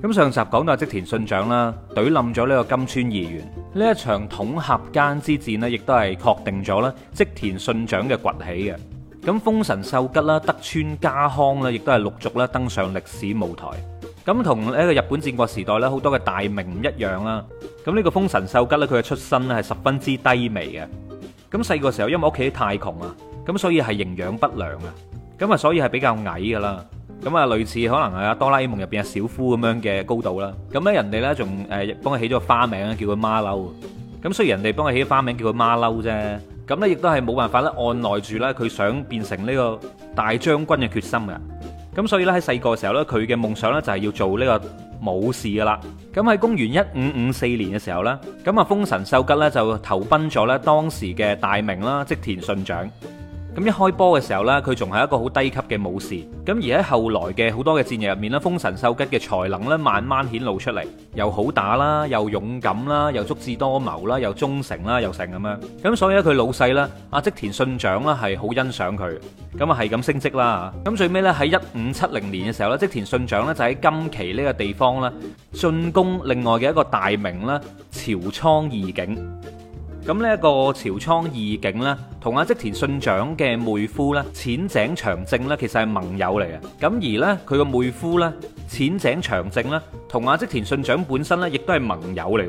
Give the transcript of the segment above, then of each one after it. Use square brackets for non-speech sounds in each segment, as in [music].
咁上集講到啊，織田信長啦，隊冧咗呢個今川義元，呢一場桶狹間之戰咧，亦都係確定咗啦，織田信長嘅崛起嘅。咁豐臣秀吉啦，德川家康咧，亦都係陸續咧登上歷史舞台。咁同呢一個日本戰國時代咧，好多嘅大名唔一樣啦。咁呢個豐臣秀吉咧，佢嘅出身咧係十分之低微嘅。咁細個時候，因為屋企太窮啊，咁所以係營養不良啊，咁啊所以係比較矮噶啦。咁啊，類似可能係《哆啦 A 夢》入邊阿小夫咁樣嘅高度啦。咁咧，人哋咧仲誒幫佢起咗個花名咧，叫佢馬騮。咁雖然人哋幫佢起花名叫佢馬騮啫，咁咧亦都係冇辦法咧按捺住咧佢想變成呢個大將軍嘅決心嘅。咁所以咧喺細個時候咧，佢嘅夢想咧就係要做呢個武士噶啦。咁喺公元一五五四年嘅時候咧，咁啊豐臣秀吉咧就投奔咗咧當時嘅大名啦，織田信長。咁一開波嘅時候呢，佢仲係一個好低級嘅武士。咁而喺後來嘅好多嘅戰役入面呢，豐臣秀吉嘅才能呢，慢慢顯露出嚟，又好打啦，又勇敢啦，又足智多謀啦，又忠誠啦，又成咁樣。咁所以咧，佢老細呢，阿織田信長呢，係好欣賞佢。咁啊，係咁升職啦。咁最尾呢，喺一五七零年嘅時候呢，織田信長呢，就喺金崎呢個地方呢，進攻另外嘅一個大名啦，朝倉義景。咁呢一個朝倉義景咧，同阿織田信長嘅妹夫咧淺井長政咧，其實係盟友嚟嘅。咁而咧佢個妹夫咧淺井長政咧，同阿織田信長本身咧，亦都係盟友嚟嘅。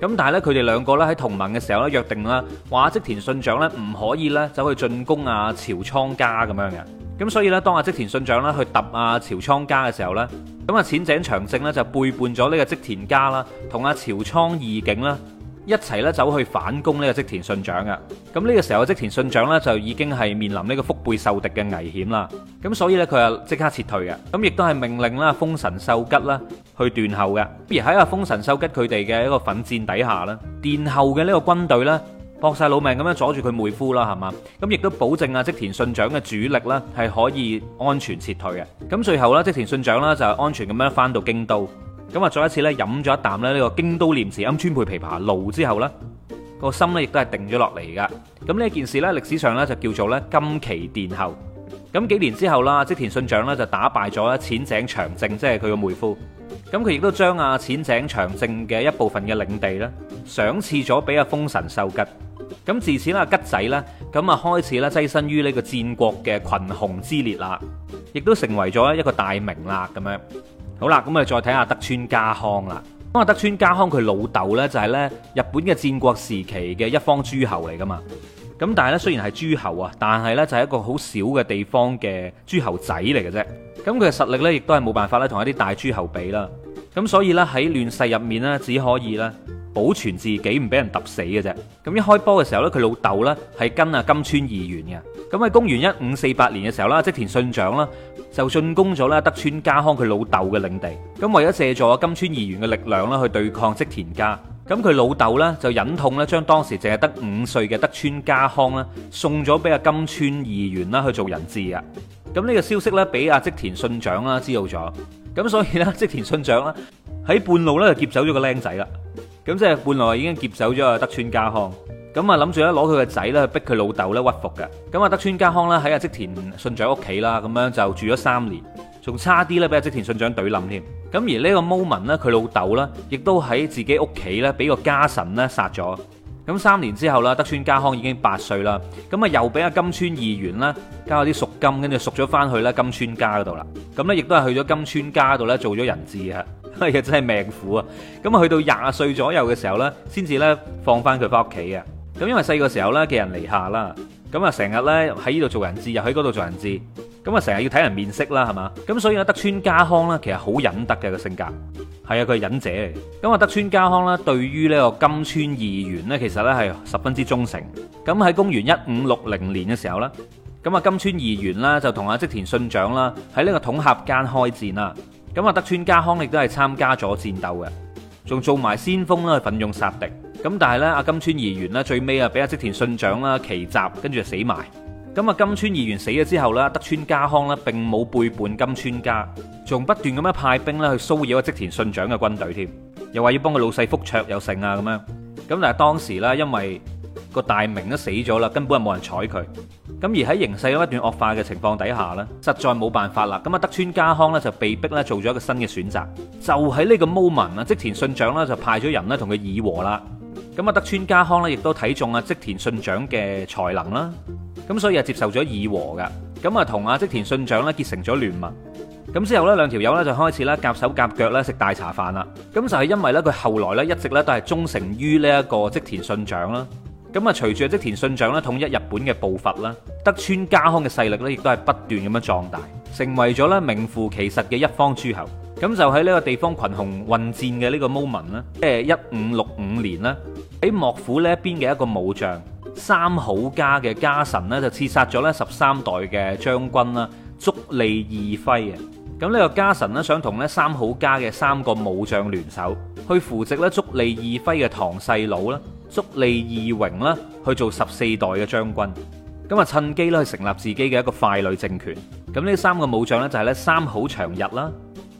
咁但係咧佢哋兩個咧喺同盟嘅時候咧，約定啦，話織田信長咧唔可以咧走去進攻啊朝倉家咁樣嘅。咁所以咧，當阿織田信長咧去揼啊朝倉家嘅時候咧，咁啊淺井長政咧就背叛咗呢個織田家啦，同阿朝倉義景啦。一齊咧走去反攻呢個織田信長嘅，咁呢個時候嘅織田信長咧就已經係面臨呢個腹背受敵嘅危險啦，咁所以咧佢啊即刻撤退嘅，咁亦都係命令啦豐臣秀吉啦去斷後嘅，而喺啊豐臣秀吉佢哋嘅一個奮戰底下啦，殿後嘅呢個軍隊咧搏曬老命咁樣阻住佢妹夫啦，係嘛，咁亦都保證啊織田信長嘅主力咧係可以安全撤退嘅，咁最後咧織田信長咧就係安全咁樣返到京都。咁啊，再一次咧飲咗一啖咧呢個京都念慈庵川貝枇杷露之後呢個心呢亦都係定咗落嚟噶。咁呢件事呢，歷史上呢就叫做呢金崎殿後。咁幾年之後啦，織田信長呢就打敗咗咧淺井長政，即係佢個妹夫。咁佢亦都將啊淺井長政嘅一部分嘅領地呢，賞賜咗俾阿豐臣秀吉。咁自此呢，啊吉仔呢，咁啊開始咧躋身於呢個戰國嘅群雄之列啦，亦都成為咗一個大名啦咁樣。好啦，咁啊再睇下德川家康啦。咁啊，德川家康佢老豆呢，就係呢日本嘅戰國時期嘅一方諸侯嚟噶嘛。咁但係呢，雖然係諸侯啊，但係呢就係一個好小嘅地方嘅諸侯仔嚟嘅啫。咁佢嘅實力呢，亦都係冇辦法呢同一啲大諸侯比啦。咁所以呢，喺亂世入面呢，只可以呢，保存自己唔俾人揼死嘅啫。咁一開波嘅時候咧，佢老豆咧係跟啊今川義元嘅。咁喺公元一五四八年嘅時候啦，織田信長啦就進攻咗咧德川家康佢老豆嘅領地。咁為咗藉助啊今川義元嘅力量啦去對抗織田家，咁佢老豆咧就忍痛咧將當時淨係得五歲嘅德川家康咧送咗俾啊今川義元啦去做人質啊。咁呢個消息咧俾啊織田信長啦知道咗，咁所以咧織田信長咧喺半路咧就劫走咗個僆仔啦。咁即係本來已經劫走咗阿德川家康，咁啊諗住咧攞佢個仔咧去逼佢老豆咧屈服嘅。咁啊，德川家康咧喺阿織田信長屋企啦，咁樣就住咗三年，仲差啲咧俾阿織田信長對冧添。咁而呢個 moment 咧佢老豆咧，亦都喺自己屋企咧俾個家臣咧殺咗。咁三年之後啦，德川家康已經八歲啦，咁啊又俾阿今川義元啦交咗啲贖金，跟住贖咗翻去咧今川家嗰度啦。咁咧亦都係去咗今川家度咧做咗人質啊。係啊， [laughs] 真係命苦啊！咁啊，去到廿歲左右嘅時候呢，先至呢放翻佢翻屋企嘅。咁因為細個時候呢，寄人籬下啦，咁啊成日呢喺呢度做人質，又喺嗰度做人質，咁啊成日要睇人面色啦，係嘛？咁所以咧德川家康呢，其實好忍得嘅個性格，係啊，佢係忍者。咁啊德川家康呢，對於呢個今川義元呢，其實呢係十分之忠誠。咁喺公元一五六零年嘅時候呢，咁啊今川義元啦就同阿織田信長啦喺呢個統合間開戰啦。咁阿德川家康亦都係參加咗戰鬥嘅，仲做埋先鋒啦，奮勇殺敵。咁但係呢，阿今川義元呢，最尾啊，俾阿織田信長啦奇襲，跟住就死埋。咁啊，今川義元死咗之後呢，德川家康呢，並冇背叛今川家，仲不斷咁樣派兵呢去騷擾阿織田信長嘅軍隊，添又話要幫個老細復卓有成啊咁樣。咁但係當時呢，因為個大名都死咗啦，根本係冇人睬佢。咁而喺形勢嗰一段惡化嘅情況底下呢，實在冇辦法啦。咁阿德川家康呢，就被逼咧做咗一個新嘅選擇，就喺呢個 moment 啊，織田信長咧就派咗人咧同佢議和啦。咁阿德川家康呢，亦都睇中啊織田信長嘅才能啦，咁所以啊接受咗議和㗎。咁啊同阿織田信長呢結成咗聯盟。咁之後呢，兩條友呢，就開始咧夾手夾腳咧食大茶飯啦。咁就係因為呢，佢後來呢，一直咧都係忠誠於呢一個織田信長啦。咁啊，隨住啊，織田信長咧統一日本嘅步伐啦，德川家康嘅勢力咧，亦都係不斷咁樣壯大，成為咗咧名副其實嘅一方諸侯。咁就喺呢個地方群雄混戰嘅呢個 moment 咧，即係一五六五年啦，喺幕府呢一邊嘅一個武將三好家嘅家臣咧，就刺殺咗咧十三代嘅將軍啦，足利義輝啊。咁呢個家臣咧，想同咧三好家嘅三個武將聯手去扶植咧足利義輝嘅堂細佬啦。足利義榮啦，去做十四代嘅將軍，咁啊，趁機咧去成立自己嘅一個傀儡政權。咁呢三個武將咧就係咧三好長逸啦、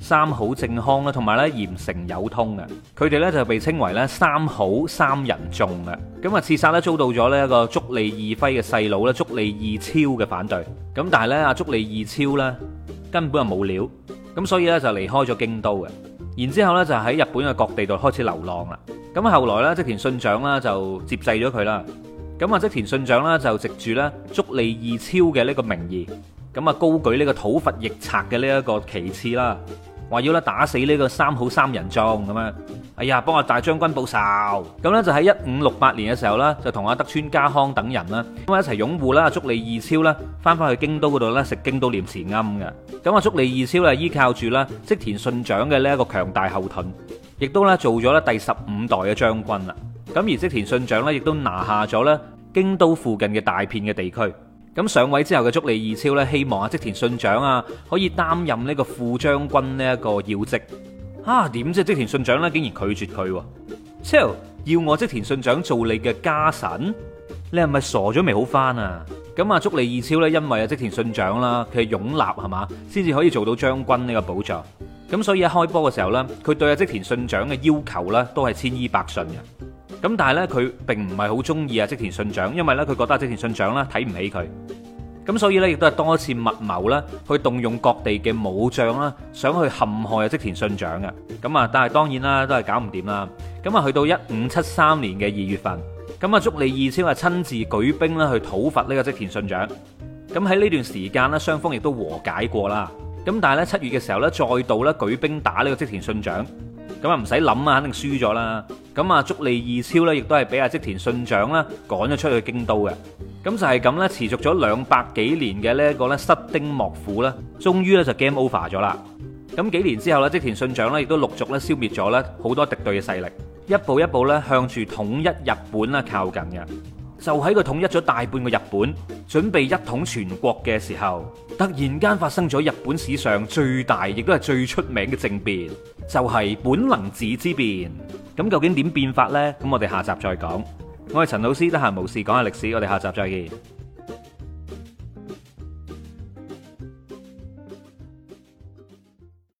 三好政康啦，同埋咧嚴城友通啊。佢哋咧就被稱為咧三好三人眾啊。咁啊，刺殺咧遭到咗咧一個足利義輝嘅細佬咧足利義昭嘅反對。咁但係咧阿足利義昭咧根本啊冇料，咁所以咧就離開咗京都嘅。然之後咧就喺日本嘅各地度開始流浪啦。咁後來咧，織田信長啦就接濟咗佢啦。咁啊，織田信長啦就藉住咧足利義昭嘅呢個名義，咁啊高舉呢個討伐逆賊嘅呢一個旗幟啦，話要咧打死呢個三好三人眾咁樣。哎呀，幫我大將軍報仇。咁咧就喺一五六八年嘅時候啦，就同阿德川家康等人啦咁啊一齊擁護啦足利義昭啦，翻返去京都嗰度咧食京都念慈庵嘅。咁啊，足利義昭啦依靠住啦織田信長嘅呢一個強大後盾。亦都咧做咗咧第十五代嘅將軍啦，咁而織田信長咧亦都拿下咗咧京都附近嘅大片嘅地區，咁上位之後嘅足利義昭咧希望啊織田信長啊可以擔任呢個副將軍呢一個要職，啊點知織田信長咧竟然拒絕佢，超要我織田信長做你嘅家臣，你係咪傻咗未好翻啊？咁啊足利義昭咧因為啊織田信長啦佢係擁立係嘛，先至可以做到將軍呢個寶座？咁所以一開波嘅時候呢，佢對阿織田信長嘅要求呢都係千依百順嘅。咁但係呢，佢並唔係好中意阿織田信長，因為呢，佢覺得織田信長呢睇唔起佢。咁所以呢，亦都係多次密謀啦，去動用各地嘅武將啦，想去陷害阿織田信長嘅。咁啊，但係當然啦，都係搞唔掂啦。咁啊，去到一五七三年嘅二月份，咁啊，足利義昭啊親自舉兵啦去討伐呢個織田信長。咁喺呢段時間呢，雙方亦都和解過啦。咁但係咧七月嘅時候咧，再度咧舉兵打呢個織田信長，咁啊唔使諗啊，肯定輸咗啦。咁啊足利義昭咧，亦都係俾阿織田信長啦趕咗出去京都嘅。咁就係咁咧，持續咗兩百幾年嘅呢一個咧室町幕府啦，終於咧就 game over 咗啦。咁幾年之後咧，織田信長咧亦都陸續咧消滅咗咧好多敵對嘅勢力，一步一步咧向住統一日本啦靠近嘅。就喺佢統一咗大半個日本，準備一統全國嘅時候，突然間發生咗日本史上最大，亦都係最出名嘅政變，就係、是、本能寺之變。咁究竟點變法呢？咁我哋下集再講。我係陳老師，得閒無事講下歷史，我哋下集再見。